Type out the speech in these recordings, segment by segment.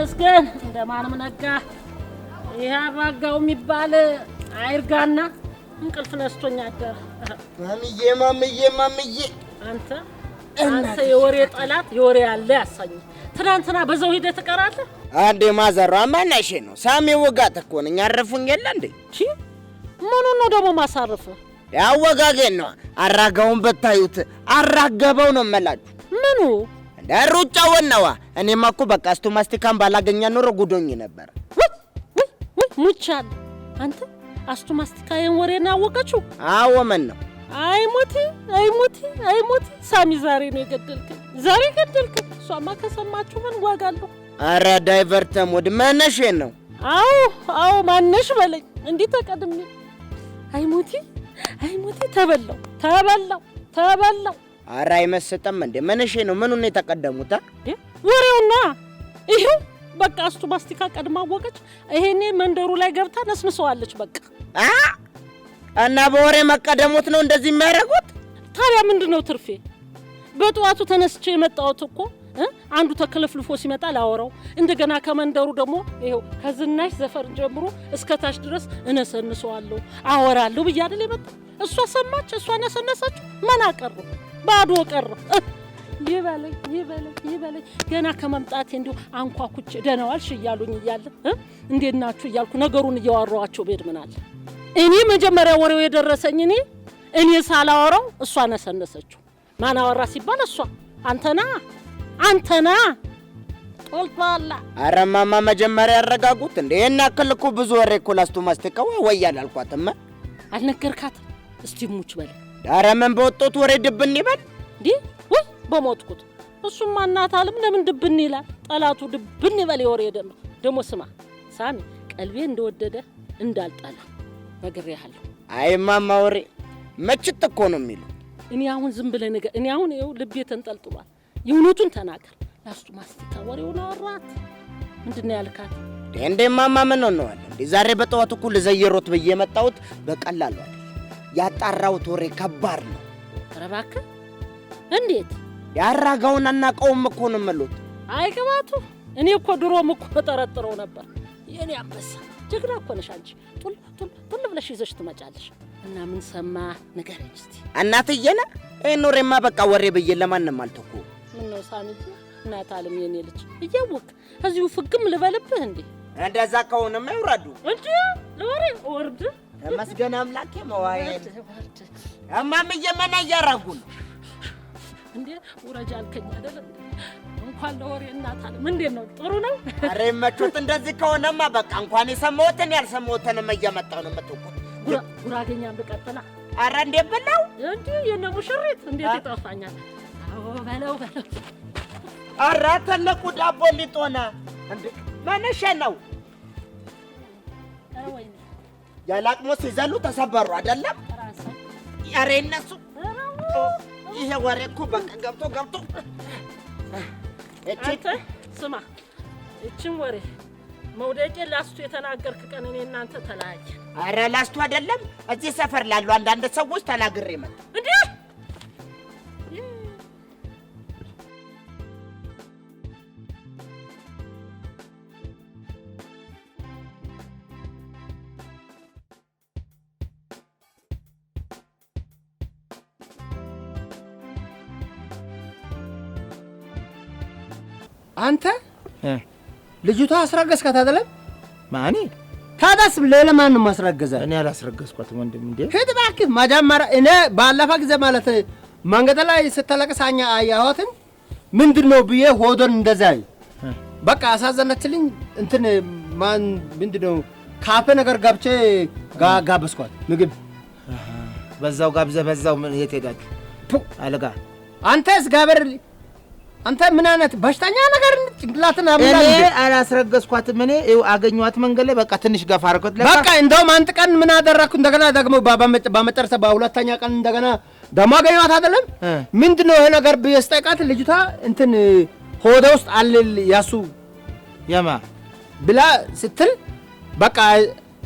ይመስገን እንደማንም ነጋ። ይህ አባጋው የሚባል አይርጋና እንቅልፍ ነስቶኝ አደረ። ማምዬ ማምዬ ማምዬ አንተ አንተ የወሬ ጠላት የወሬ ያለ ያሳኝ። ትናንትና በዛው ሂደህ ትቀራለህ። አንዴ ማዘሯ ማናሼ ነው ሳሚ ወጋት እኮ ነኝ። አረፉኝ የለ እንዴ? ምኑ ነው ደግሞ ማሳረፍ? ያወጋገን ነው። አራጋውን በታዩት አራገበው ነው መላችሁ ምኑ ሩጫውን ነዋ። እኔማ እኮ በቃ እስቱ ማስቲካን ባላገኛ ኖሮ ጉዶኝ ነበር። ሙቻል አንተ አስቱ ማስቲካ የን አወቀችው? አዎ መን ነው። አይሞቲ ሳሚ፣ ዛሬ ነው የገደልክ፣ ዛሬ ገደልክ። እሷማ ከሰማችሁ ምን ዋጋ አለው? አረ ዳይቨር ተሞድ መነሽ ነው። አዎ አዎ ማነሽ በለኝ። እንዲህ ተቀድሜ ተበላው ተበላው ተበላው አረ አይመስጥም እንዴ? ምንሽ ነው? ምኑ የተቀደሙት? ወሬውና ይሄው በቃ እሱ ማስቲካ ቀድማ አወቀች። ይሄኔ መንደሩ ላይ ገብታ ነስንሰዋለች። በቃ እና በወሬ መቀደሙት ነው እንደዚህ የሚያደርጉት። ታዲያ ምንድን ነው ትርፌ? በጠዋቱ ተነስቼ የመጣሁት እኮ አንዱ ተከለፍልፎ ሲመጣ ላወራው፣ እንደገና ከመንደሩ ደግሞ ይኸው ከዝናሽ ዘፈር ጀምሮ እስከ ታች ድረስ እነሰንሰዋለሁ፣ አወራለሁ ብዬ አይደል የመጣ እሷ ሰማች፣ እሷ ነሰነሰች። ምን አቀርብ ባዶ ቀረ። ይበለኝ ይበለኝ ይበለኝ። ገና ከመምጣቴ እንዲሁ አንኳኩቼ ደህና ዋልሽ እያሉኝ እያለ እንዴት ናችሁ እያልኩ ነገሩን እያዋራኋቸው ብሄድ ምን አለ። እኔ መጀመሪያ ወሬው የደረሰኝ እኔ እኔ ሳላወራው እሷ ነሰነሰችው። ማን አወራ ሲባል እሷ አንተና አንተና ጦልቷላ። ኧረ እማማ መጀመሪያ ያረጋጉት እንደ ይህን ያክል እኮ ብዙ ወሬ እኮ ላስቱ ማስቲቀዋ ወይ አላልኳትም። አልነገርካትም? እስቲ ሙች በለ ዳረ ምን በወጦት ወሬ ድብን ይበል እንዲ ወይ በሞትኩት እሱማ እናት አለም ለምን ድብን ይላል? ጠላቱ ድብን ይበል የወሬ ደግሞ ደሞ ስማ ሳሚ ቀልቤ እንደወደደ እንዳልጠላ ነግሬሃለሁ። አይ ማማ ወሬ መችት እኮ ነው የሚሉ እኔ አሁን ዝም ብለህ ነገር እኔ አሁን ይኸው ልቤ ተንጠልጥሏል። የእውነቱን ተናገር። ላስቱ ማስቲካ ወሬውን አወራት። ምንድን ነው ያልካት? እንዴ ማማ ምን ሆነዋል? እንዴ ዛሬ በጠዋት እኮ ልዘየሮት ብዬ መጣሁት በቀላሉ ያጣራሁት ወሬ ከባድ ነው። ኧረ እባክህ እንዴት ያራጋውን አናውቀውም እኮ ነው የምሉት። አይ ቅባቱ፣ እኔ እኮ ድሮም እኮ ተጠረጥረው ነበር። የእኔ አንበሳ ጀግና እኮ ነሽ አንቺ። ጡል ጡል ጡል ብለሽ ይዘሽ ትመጫለሽ። እና ምን ሰማህ ንገረኝ እስቲ። እናትዬና ይህን ወሬማ በቃ ወሬ ብዬ ለማንም አልተኩ። ምነው ሳሚት እናት አለም የኔ ልጅ እያወቅ እዚሁ ፍግም ልበልብህ እንዴ? እንደዛ ከሆነማ ይውረዱ እንጂ ለወሬ ወርድ ተመስገን አምላኬ። መዋየት እማምዬ ምን እያረጉ ነው እንዴ? አልከኝ አይደል? እንኳን ለወሬ ነው ጥሩ ነው? ኧረ እንደዚህ ከሆነማ በቃ እንኳን የሰማሁትን ያልሰማሁትንም እየመጣሁ ነው የምትውቁት። ብቀጥላ ብለው እንዲ ሙሽሪት እንዴት ይጠፋኛል። አዎ በለው በለው። ዳቦ እንዴ መነሸ ነው ያላቅሞ ሲዘሉ ተሰበሩ አይደለም? ኧረ ይነሱ። ይሄ ወሬ እኮ በቃ ገብቶ ገብቶ አንተ ስማ፣ እችን ወሬ መውደቄ ላስቱ የተናገርክ ቀን እኔ እናንተ ተለያየን። አረ ላስቱ አይደለም እዚህ ሰፈር ላሉ አንዳንድ ሰዎች ተናግሬ መጣ መጣሁ። አንተ ልጅቷ አስረገዝካት አይደለም? ማኔ ታዳስ ሌላ ማንም ነው እኔ አላስረገዝኳትም ወንድም። እንዴ ሂድ እባክህ መጀመሪያ። እኔ ባለፈ ጊዜ ማለት መንገድ ላይ ስትለቅስ አኛ አያዋትን ምንድን ነው ብዬ ሆዶን እንደዛ በቃ አሳዘነችልኝ። እንትን ማን ምንድን ነው ካፌ ነገር ጋብቼ ጋበዝኳት ምግብ በዛው ጋብዘ በዛው ምን የት ሄዳችሁ አልጋ አንተስ ጋበር አንተ ምን አይነት በሽተኛ ነገር ጭንቅላትን አምላክ እኔ አላስረገዝኳትም። እኔ ይኸው አገኘኋት መንገድ ላይ በቃ ትንሽ ገፋ አድርጎት ለካ በቃ እንደውም አንድ ቀን ምን አደረግኩ እንደገና ደግሞ በመጨረሻ በሁለተኛ ቀን እንደገና ደግሞ አገኘኋት አይደለም ምንድን ነው ይሄ ነገር ብዬ ስጠይቃት ልጅቷ እንትን ሆደ ውስጥ አልል ያሱ የማ ብላ ስትል በቃ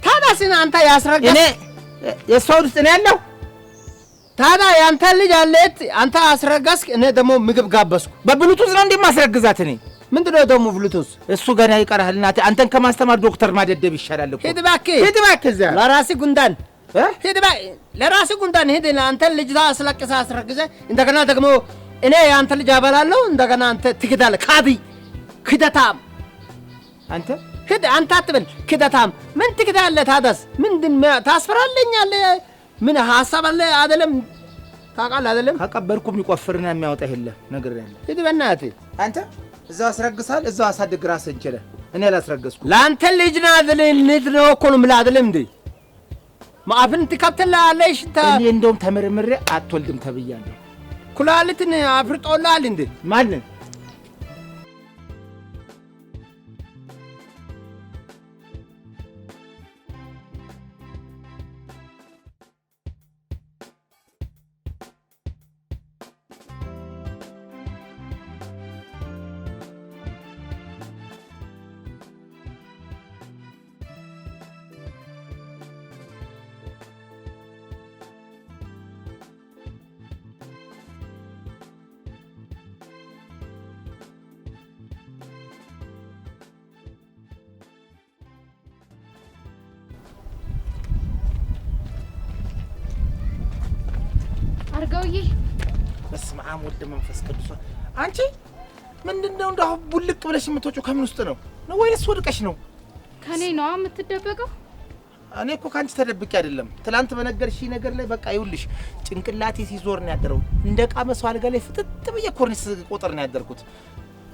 ታዳሲን አንተ ያስረገዝ እኔ የእሷ ውስጥ እኔ ያለው ታዲያ ያንተ ልጅ አለት አንተ አስረጋስክ፣ እኔ ደግሞ ምግብ ጋበስኩ። በብሉቱዝ ነው እንደማስረግዛት እኔ ምንድነው ደግሞ ብሉቱዝ? እሱ ገና ይቀራል። እናቴ አንተን ከማስተማር ዶክተር ማደደብ ይሻላል እኮ። ሂድ እባክህ፣ ሂድ እባክህ፣ እዛ ለራስህ ጉንዳን፣ ሂድ እባክህ፣ ለራስህ ጉንዳን ሂድ። አንተን ልጅ አስለቅሰ አስረግዘ፣ እንደገና ደግሞ እኔ የአንተ ልጅ አበላለሁ። እንደገና አንተ ትክዳለህ። ካቢ ክደታም አንተ ሂድ፣ አንተ አትበል ክደታም። ምን ትክዳለህ? ታዳስ ምንድን ታስፈራለኛለህ? ምን ሀሳብ አለ አይደለም? ታውቃለህ አይደለም? ከቀበርኩ የሚቆፍርና የሚያወጣ የለም። ነግሬሃለሁ። ሂድ በእናትህ አንተ እዛው አስረግሳል፣ እዛው አሳድግ ራስህን ችለህ። እኔ አላስረገዝኩ። ለአንተ ልጅ ነህ ልጅ ነው እኮ ነው የምልህ አይደለም እንዴ? ማዕፍን ትከብትልሃለሽ። እኔ እንደውም ተመርምሬ አትወልድም ተብያለሁ። ኩላሊትን አፍርጦልሃል እንዴ? ማንን አድርገውዬ። በስመ አብ ወልድ መንፈስ ቅዱስ። አንቺ ምንድን ነው እንደው ቡልቅ ብለሽ የምትወጪው ከምን ውስጥ ነው? ወይስ ወድቀሽ ነው? ከኔ ነው የምትደበቀው። እኔ እኮ ከአንቺ ተደብቄ አይደለም። ትናንት በነገርሽኝ ነገር ላይ በቃ ይኸውልሽ፣ ጭንቅላቴ ሲዞር ነው ያደረው። እንደ ቃመ ሰው አልጋ ላይ ፍጥጥ ብዬ ኮርኒስ ቆጥር ነው ያደርኩት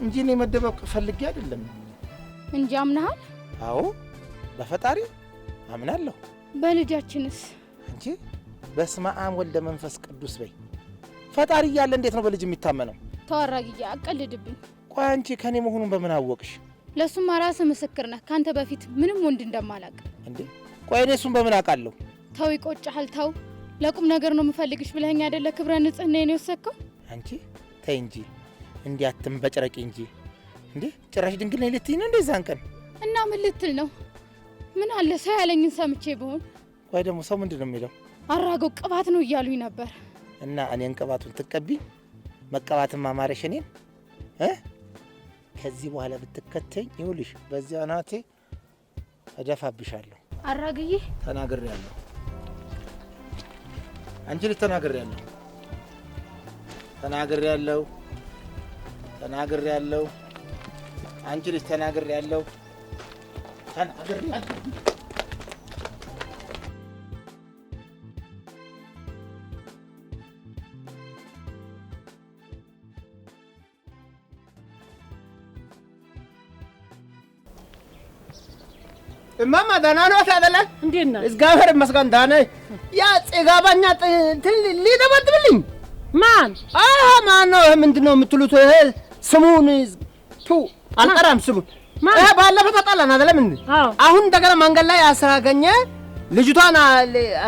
እንጂ እኔ መደበቅ ፈልጌ አይደለም። እንጂ አምናሃል? አዎ፣ በፈጣሪ አምናለሁ። በልጃችንስ አንቺ በስመ አብ ወልደ መንፈስ ቅዱስ በይ። ፈጣሪ እያለ እንዴት ነው በልጅ የሚታመነው? ተዋራጊያ አቀልድብኝ። ቆይ አንቺ ከኔ መሆኑን በምን አወቅሽ? ለሱም አራስ ምስክር ነህ። ካንተ በፊት ምንም ወንድ እንደማላቅ እንዴ? ቆይ እኔ እሱን በምን አውቃለሁ? ተው ይቆጭሃል። ተው ለቁም ነገር ነው የምፈልግሽ ብለኸኝ አይደለ? ክብረ ንጽህና ነው የወሰድከው። አንቺ ተይ እንጂ እንዲህ አትንበጭረቂ እንጂ እንዴ! ጭራሽ ድንግል ነኝ ልትይ ነው እንዴ? እዛን ቀን እና ምን ልትል ነው? ምን አለ ሰው ያለኝን ሰምቼ ብሆን። ቆይ ደግሞ ሰው ምንድን ነው የሚለው? አራገው ቅባት ነው እያሉኝ ነበር እና እኔን ቅባቱን ትቀቢ መቀባትም አማረሽ እኔን እ ከዚህ በኋላ ብትከተኝ ይውልሽ በዚህ አናቴ እደፋብሻለሁ። አራግዬ ተናግሬያለሁ። አንቺ ልጅ ተናግሬያለሁ፣ ተናግሬያለሁ፣ ተናግሬያለሁ። አንቺ ልጅ ተናግሬያለሁ፣ ተናግሬያለሁ እማማ ደህና ነዎት አይደለ? እንዴት ነህ? እግዚአብሔር ይመስገን ደህና ነኝ። ያ ጽጋባኛ እንትን ሊደበድብልኝ ማን? አሀ ማን ነው? ይሄ ምንድን ነው የምትሉት? ይሄ ስሙን ቱ አልጠራም። ስሙን ይሄ ባለፈው ተጣላን አይደለም? እንደ አሁን እንደገና መንገድ ላይ አስራገኘ ልጅቷን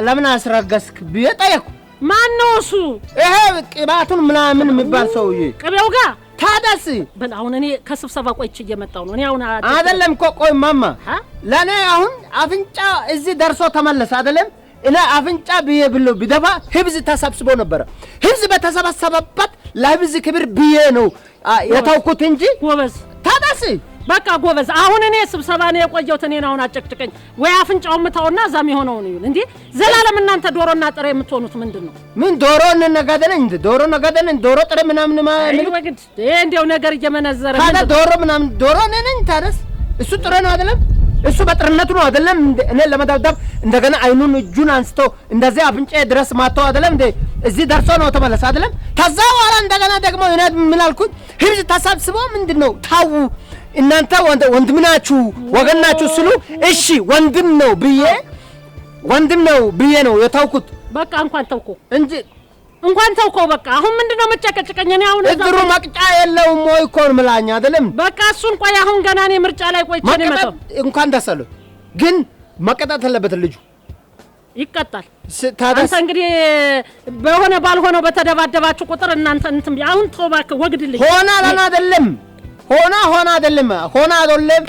ለምን አስረገስክ ብዬ ጠየቅኩ። ማን ነው እሱ? ይሄ ቅባቱን ምናምን የሚባል ሰውዬ ቅቤው ጋር ታደስ በል አሁን እኔ ከስብሰባ ቆይቼ እየመጣሁ ነው። እኔ አሁን አይደለም እኮ ቆይ ማማ፣ ለእኔ አሁን አፍንጫ እዚህ ደርሶ ተመለሰ አይደለም እኔ አፍንጫ ብዬ ብሎ ቢደፋ ህብዝ ተሰብስቦ ነበረ። ህብዝ በተሰበሰበበት ለህብዝ ክብር ብዬ ነው የተውኩት እንጂ ታደስ በቃ ጎበዝ። አሁን እኔ ስብሰባ ነው የቆየሁት። እኔን አሁን አጨቅጭቀኝ ወይ አፍንጫው ምታውና እዛም የሆነውን ይሁን። እንዴ። ዘላለም እናንተ ዶሮና ጥሬ የምትሆኑት ምንድን ነው? ምን ዶሮ እንነጋደለን እንደ ዶሮ ነጋደለን ዶሮ ጥሬ ምናምን ማ ይወግድ ይሄ እንዲያው ነገር እየመነዘረ ካለ ዶሮ ምናምን ዶሮ ነን ታረስ እሱ ጥሬ ነው አይደለም እሱ በጥርነቱ ነው አይደለም። እኔ ለመደብደብ እንደገና አይኑን እጁን አንስቶ እንደዚህ አፍንጫ ድረስ ማተው አይደለም እንዴ እዚህ ደርሶ ነው ተመለሰ አይደለም። ከዛ በኋላ እንደገና ደግሞ እኔ ምን አልኩኝ? ህብዝ ተሰብስቦ ምንድን ነው ታው እናንተ ወንድም ናችሁ ወገን ናችሁ ስሉ እሺ ወንድም ነው ብዬ ወንድም ነው ብዬ ነው የተውኩት። በቃ እንኳን ተውኮ እንጂ እንኳን ተውኮ በቃ አሁን ምንድን ነው መጨቀጭቀኝ? እኔ አሁን እግሩ መቅጫ የለውም ወይ እኮ ምላኝ አይደለም። በቃ እሱን ቆይ፣ አሁን ገና እኔ ምርጫ ላይ ቆይቼ ነው የመጣው። እንኳን ደስ አለው፣ ግን መቀጣት አለበት ልጁ ይቀጣል። አንተ እንግዲህ በሆነ ባልሆነው በተደባደባችሁ ቁጥር እናንተ እንትም አሁን ተው እባክህ፣ ወግድልኝ ሆነ አላና አይደለም ሆና ሆና አይደለም ሆና አይደለም።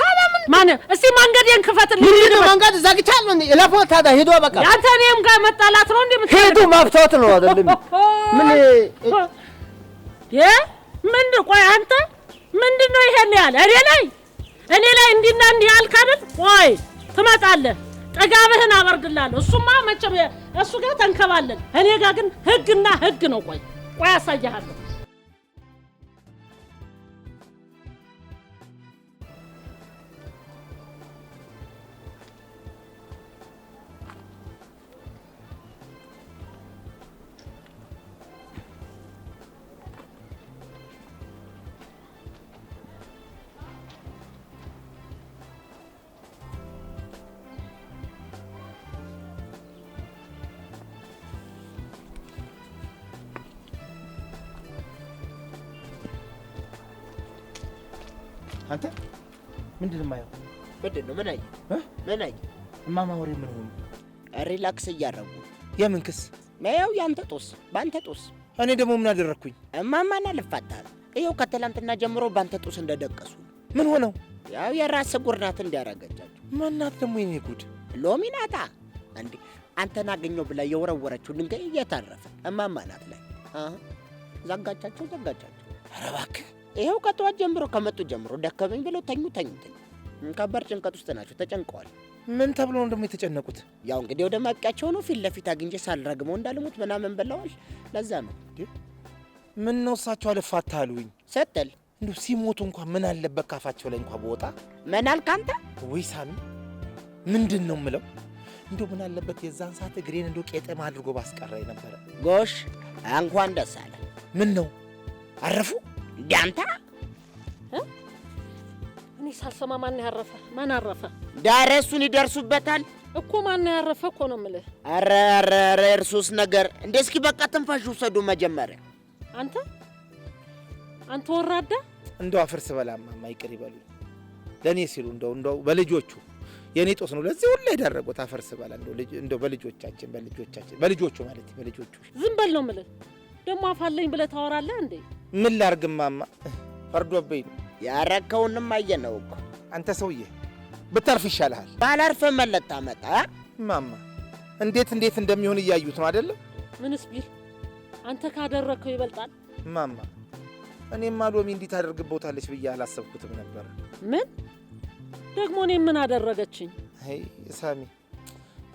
ታዲያ ምን ማን እስቲ መንገዴን ክፈትልኝ። ሂዱ መንገድ ዘግቻለሁ እንዴ? ለፎ ታዲያ ሂዱ። በቃ ያንተ እኔም ጋር መጣላት ነው እንዴ? ሂዱ መብቶት ነው አይደለም? ምን የ ምንድን ቆይ አንተ ምንድን ነው ይሄን ያለ እኔ ላይ እኔ ላይ እንዲና እንዲህ ያልካለት ቆይ ትመጣለህ፣ ጥጋብህን አበርድላለሁ። እሱማ መቼም እሱ ጋር ተንከባለን፣ እኔ ጋር ግን ህግና ህግ ነው። ቆይ ቆይ አሳያሃለሁ አንተ ምንድን ማየው? የማየው? ምንድን ነው ምን አየህ? ምን አየህ? እማማ ወሬ ምን ሆኑ? ሪላክስ እያደረጉ የምን ክስ? ያው የአንተ ጦስ በአንተ ጦስ። እኔ ደግሞ ምን አደረግኩኝ? እማማን አልፋታህም። ይኸው ከትላንትና ጀምሮ በአንተ ጦስ እንደደቀሱ። ምን ሆነው? ያው የራስ ጉርናት ናት እንዲያረገቻቸው። ማናት ደግሞ የኔ ጉድ? ሎሚ ናታ እንዴ! አንተን አገኘው ብላ የወረወረችው ድንጋይ እየታረፈ እማማ ናት ላይ ዘጋቻቸው፣ ዘጋቻቸው። ኧረ እባክህ ይኸው ከጠዋት ጀምሮ ከመጡ ጀምሮ ደከመኝ ብለው ተኙ ተኙ ተኙ። ከባድ ጭንቀት ውስጥ ናቸው፣ ተጨንቀዋል። ምን ተብሎ ነው ደግሞ የተጨነቁት? ያው እንግዲህ ወደ ማብቂያቸው ነው። ፊት ለፊት አግኝቼ ሳልረግመው እንዳልሞት ምናምን ብለዋል። ለዛ ነው። ምን ነው እሳቸው አልፋታ አሉኝ ሰጠል እንዲሁ ሲሞቱ እንኳን ምን አለበት ካፋቸው ላይ እንኳን በወጣ። ምን አልክ አንተ? ወይ ሳሚ ምንድን ነው ምለው እንዲሁ ምን አለበት የዛን ሰዓት እግሬን እንዲሁ ቄጠማ አድርጎ ባስቀራኝ ነበረ። ጎሽ እንኳን ደስ አለ። ምን ነው አረፉ? ዳንታ እኔ ሳልሰማ ማን ያረፈ? ማን አረፈ? ዳረ እሱን ይደርሱበታል እኮ ማን ያረፈ እኮ ነው የምልህ። ኧረ ኧረ ኧረ እርሱስ ነገር እንደ እስኪ በቃ ትንፋሽ ውሰዱ መጀመሪያ። አንተ አንተ ወራዳ እንደው አፈር ስበላማ ማይቀር ይበሉ ለእኔ ሲሉ እንደው እንደው በልጆቹ የኔ ጦስ ነው ለዚህ ሁሉ ያደረጉት። አፈር ስበላ እንደው በልጆቻችን በልጆቻችን በልጆቹ ማለት በልጆቹ ዝም በል ነው የምልህ ደግሞ አፋለኝ ብለህ ታወራለህ እንዴ? ምን ማማ፣ ፈርዶብኝ ያረከውንም አየነው እኮ። አንተ ሰውዬ ብታርፍ ይሻልሃል። ባላርፈ መለጣ መጣ ማማ እንዴት እንዴት እንደሚሆን እያዩት ነው አይደለም? ምንስ ቢል አንተ ካደረግከው ይበልጣል ማማ። እኔማ ሎሚ እንዲህ ታደርግበታለች ብዬ አላሰብኩትም ነበር። ምን ደግሞ እኔ ምን አደረገችኝ? አይ ሳሚ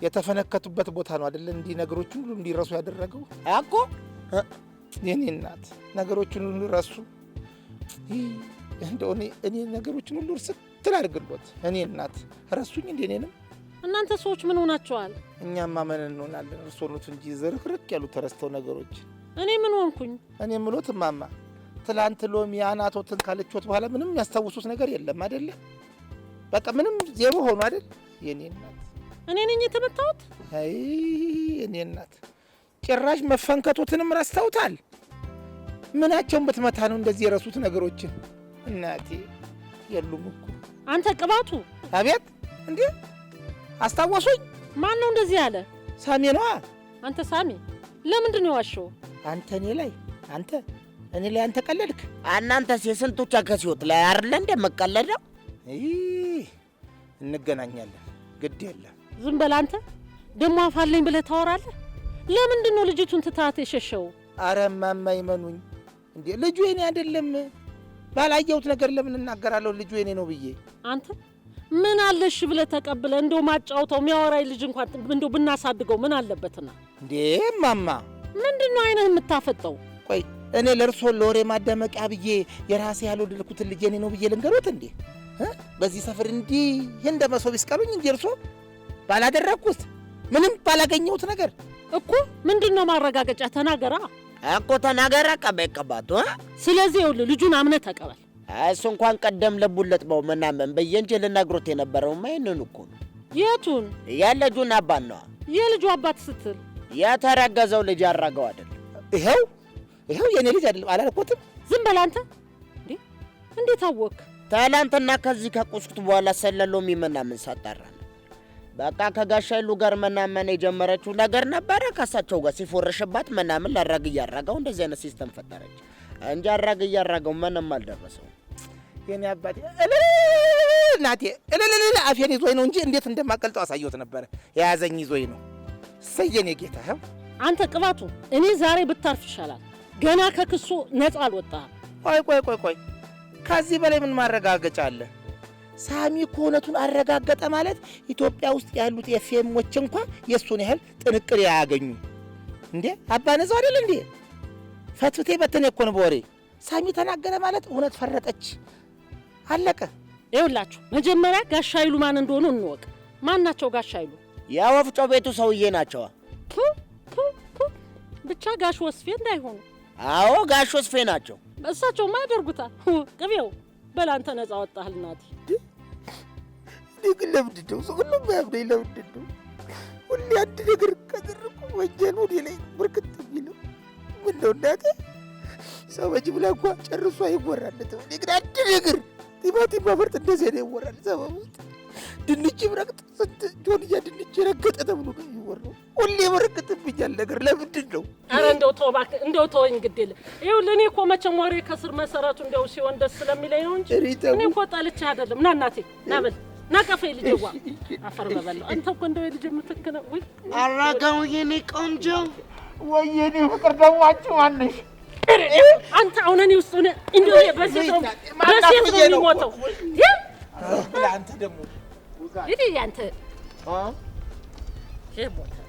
የተፈነከቱበት ቦታ ነው አይደለ? እንዲህ ነገሮችን ሁሉ እንዲረሱ ያደረገው እኮ የኔ እናት ነገሮችን ሁሉ ረሱ። እንደው እኔ ነገሮችን ሁሉ ስትል አድርግሎት እኔ እናት ረሱኝ። እንደ እኔንም እናንተ ሰዎች ምን ሆናችኋል? እኛማ ምን እንሆናለን? እርሶኑት እንጂ ዝርክርክ ያሉ ተረስተው ነገሮች። እኔ ምን ሆንኩኝ? እኔ ምሎት እማማ ትላንት ሎሚ አናቶትን ካለችዎት በኋላ ምንም የሚያስታውሱት ነገር የለም አይደለ? በቃ ምንም ዜሮ ሆኖ አይደል? የኔ እናት እኔ ነኝ የተመታሁት። አይ የኔ እናት ጭራሽ መፈንከቶትንም ረስተውታል። ምናቸውን ብትመታ ነው እንደዚህ የረሱት ነገሮችን? እናቴ የሉም እኮ አንተ ቅባቱ። አቤት እንዴ አስታወሱኝ። ማን ነው እንደዚህ ያለ? ሳሜ ነዋ። አንተ ሳሜ ለምንድን ነው የዋሸው? አንተ እኔ ላይ አንተ እኔ ላይ አንተ ቀለድክ። እናንተስ የስንቶች ከሲወት ላይ አይደለ እንደምቀለደው። እንገናኛለን። ግድ የለም። ዝም በል አንተ ደግሞ አፋለኝ ብለህ ታወራለህ። ለምንድን ነው ልጅቱን ትታት የሸሸው? አረ እማማ ይመኑኝ እንዴ ልጁ የኔ አይደለም። ባላየሁት ነገር ለምን እናገራለሁ? ልጁ የኔ ነው ብዬ አንተ ምን አለሽ ብለህ ተቀብለ እንደው ማጫውተው የሚያወራኝ ልጅ እንኳን እንደው ብናሳድገው ምን አለበትና? እንዴ እማማ ምንድን ነው አይነህ የምታፈጠው? ቆይ እኔ ለእርሶ ለወሬ ማዳመቂያ ብዬ የራሴ ያልወደድኩትን ልጅ የኔ ነው ብዬ ልንገሮት እንዴ? በዚህ ሰፈር እንዲህ እንደ መሶብ ይስቀሉኝ እንጂ እርሶ ባላደረግኩት ምንም ባላገኘሁት ነገር እኮ ምንድን ነው ማረጋገጫ? ተናገራ እኮ ተናገራ። ቀበ ቀባቱ። ስለዚህ ይኸውልህ ልጁን አምነህ ተቀበል። እሱ እንኳን ቀደም ለቡለት በው ምናምን ብዬ እንጂ ልነግሮት የነበረውማ እኮ ነው። የቱን? የልጁን አባት ነዋ። የልጁ አባት ስትል የተረገዘው ልጅ ያረገው አይደለም። ይኸው ይኸው የእኔ ልጅ አይደለም አላልኩትም? ዝም በል አንተ። እንዴ እንዴት አወቅ? ትናንትና ከዚህ ከቁስኩት በኋላ ሰለሎሚ ምናምን ሳጣራ በቃ ከጋሻ ሉ ጋር መናመን የጀመረችው ነገር ነበረ። ከሳቸው ጋር ሲፎረሽባት ምናምን ላራግ እያረገው እንደዚህ አይነት ሲስተም ፈጠረች እንጂ አራግ እያረገው ምንም አልደረሰው። የኔ አባቴ እናቴ እልልልል አፌን ይዞኝ ነው እንጂ እንዴት እንደማቀልጠው አሳየሁት ነበረ። የያዘኝ ይዞኝ ነው። ሰየኔ ጌታ አንተ ቅባቱ፣ እኔ ዛሬ ብታርፍ ይሻላል። ገና ከክሱ ነፃ አልወጣ። ቆይ ቆይ ቆይ ቆይ፣ ከዚህ በላይ ምን ማረጋገጫ አለ? ሳሚ እኮ እውነቱን አረጋገጠ ማለት ኢትዮጵያ ውስጥ ያሉት ኤፍኤሞች እንኳ የእሱን ያህል ጥንቅር አያገኙ። እንዴ አባነዛው አይደል እንዴ? ፈትፍቴ በትን የኮን በወሬ ሳሚ ተናገረ ማለት እውነት ፈረጠች፣ አለቀ። ይኸውላችሁ መጀመሪያ ጋሻ ይሉ ማን እንደሆኑ እንወቅ። ማን ናቸው ጋሻ ይሉ? ያ ወፍጮ ቤቱ ሰውዬ ናቸዋ። ብቻ ጋሽ ወስፌ እንዳይሆኑ። አዎ ጋሽ ወስፌ ናቸው። እሳቸውማ ያደርጉታል። ቅቤው በላንተ ነፃ ናት። እኔ ግን ለምንድን ነው ሰው ሁሉ የሚያምነኝ? ለምንድን ነው ሁሌ አንድ ነገር ከዘርኩ ወንጀል ወደ ላይ ብርክት የሚለው? ምን ነው እናቴ፣ ሰው በጅምላ እንኳ ጨርሶ አይወራለትም። እኔ ግን አንድ ነገር ቲማቲም ማፈርጥ እንደዚህ ነው ይወራል ሰበብ ውስጥ ድንችም ረግጥ ስንት ጆንያ ድንች ረገጠ ተብሎ ነው የሚወራው። ሁሌ በረግጥብኛል ነገር ለምንድን ነው? ኧረ እንደው ተው እባክህ፣ እንደው ተወኝ። ግድ የለም ይኸውልህ፣ እኔ እኮ መቼም ወሬ ከስር መሰረቱ እንደው ሲሆን ደስ ስለሚለኝ ነው እንጂ እኔ እኮ ጠልቼ አይደለም። ና እናቴ፣ ና በል ናቀፈ ልጅዋ አፈር በበለው። አንተ እኮ እንደው የልጅ ምትክ ነው ወይ አራጋው? የኔ ቆንጆ ወይ የኔ ፍቅር ደሟችሁ ማነሽ አንተ አሁን እኔ ውስጥ ሆነህ እንደው በዚህ በሴት ነው የሚሞተው። አንተ ደግሞ ይሄ አንተ ይሄ ሞተ